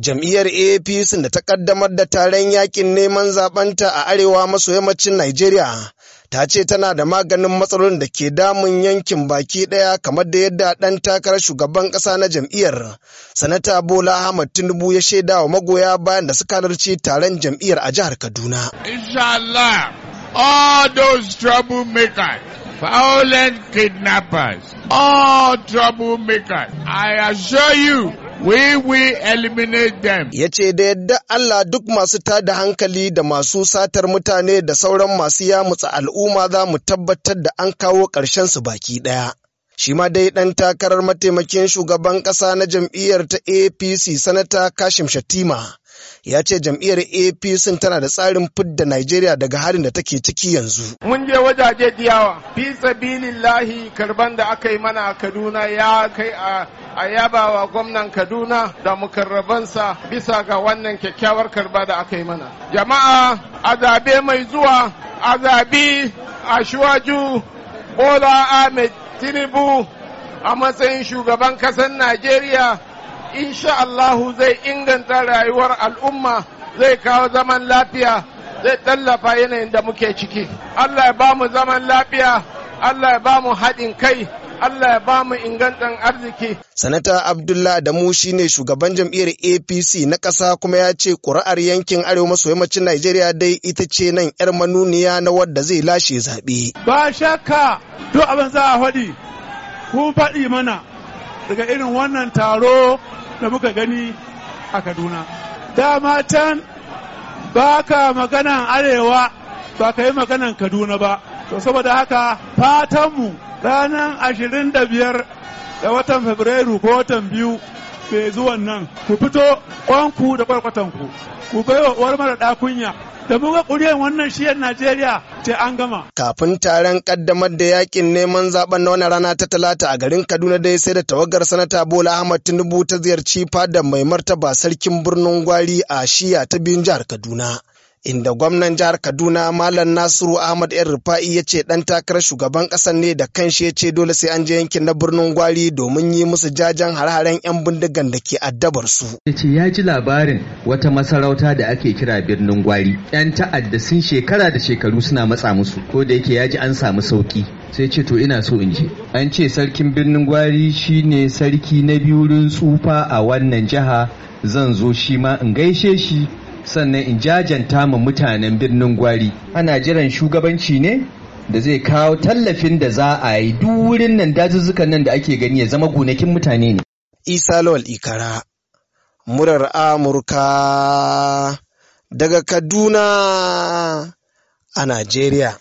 jam'iyyar apc da ta kaddamar da taron yakin neman zabanta a arewa maso yammacin Najeriya, ta ce tana da maganin matsalolin da ke damun yankin baki daya kamar da yadda dan takarar shugaban kasa na jam'iyyar sanata bola ahmad tinubu ya shaida wa magoya bayan da suka halarci taron jam'iyyar a jihar kaduna inshallah all those troublemakers violent kidnappers all troublemakers i assure you we will eliminate them. Ya ce da yadda Allah duk masu tada hankali da masu satar mutane da sauran masu yamutsa al'umma za mu tabbatar da an kawo ƙarshen su baki ɗaya. Shi ma dai ɗan takarar mataimakin shugaban ƙasa na jam'iyyar ta APC sanata Kashim Shatima ya ce jam'iyyar apc tana da tsarin fidda najeriya daga harin da take ciki yanzu mun je wajaje diyawa fi sabilillahi karban da aka yi mana a kaduna ya kai a yabawa gwamnan kaduna da mukarrabansa bisa ga wannan kyakkyawar karba da aka yi mana jama'a a zabe mai zuwa azabi ashuwaju a bola ahmed tinubu a matsayin shugaban kasar najeriya insha Allahu zai inganta rayuwar al'umma zai kawo zaman lafiya zai tallafa yanayin da muke ciki Allah ya ba mu zaman lafiya Allah ya ba mu haɗin kai Allah ya ba mu ingantan arziki. Sanata Abdullah Adamu shi ne shugaban jam'iyyar APC na ƙasa kuma ya ce ƙuri'ar yankin arewa maso yammacin Najeriya dai ita ce nan 'yar manuniya na wadda zai lashe zaɓe. Ba shakka duk abin za a faɗi, ku faɗi mana daga irin wannan taro da muka gani a kaduna dama can ba ka maganan arewa ba ka yi maganan kaduna ba to saboda haka fatanmu ranar ashirin da biyar da watan fabrairu ko watan biyu mai zuwan nan ku fito kwanku da kwarkwatanku ku bai wa uwar mara ɗakunya da muka ƙuriyar wannan shiyar Najeriya ce an gama. Kafin taron kaddamar da yakin neman zaben na wannan rana ta talata a garin Kaduna dai sai da tawagar sanata Bola Ahmad Tinubu ta ziyarci fadar mai martaba sarkin birnin Gwari a shiya ta biyun jihar Kaduna. inda gwamnan jihar kaduna malam nasiru ahmad yan rufa'i ya ce dan takarar shugaban ƙasar ne da kanshi ya ce dole sai an je yankin na birnin gwari domin yi musu jajen har-haren yan bindigan da ke addabar su ya ji labarin wata masarauta da ake kira birnin gwari yan ta'adda sun shekara da shekaru suna matsa musu ko da yake ya ji an samu sauki sai ce to ina so in je an ce sarkin birnin gwari shine sarki na biyu tsufa a wannan jiha zan zo shi ma in gaishe shi sannan in jajanta ma mutanen birnin gwari ana jiran shugabanci ne da zai kawo tallafin da za a yi duk wurin nan dazuzzukan nan da ake gani ya zama gonakin mutane ne isa lawal ikara murar amurka daga kaduna a najeriya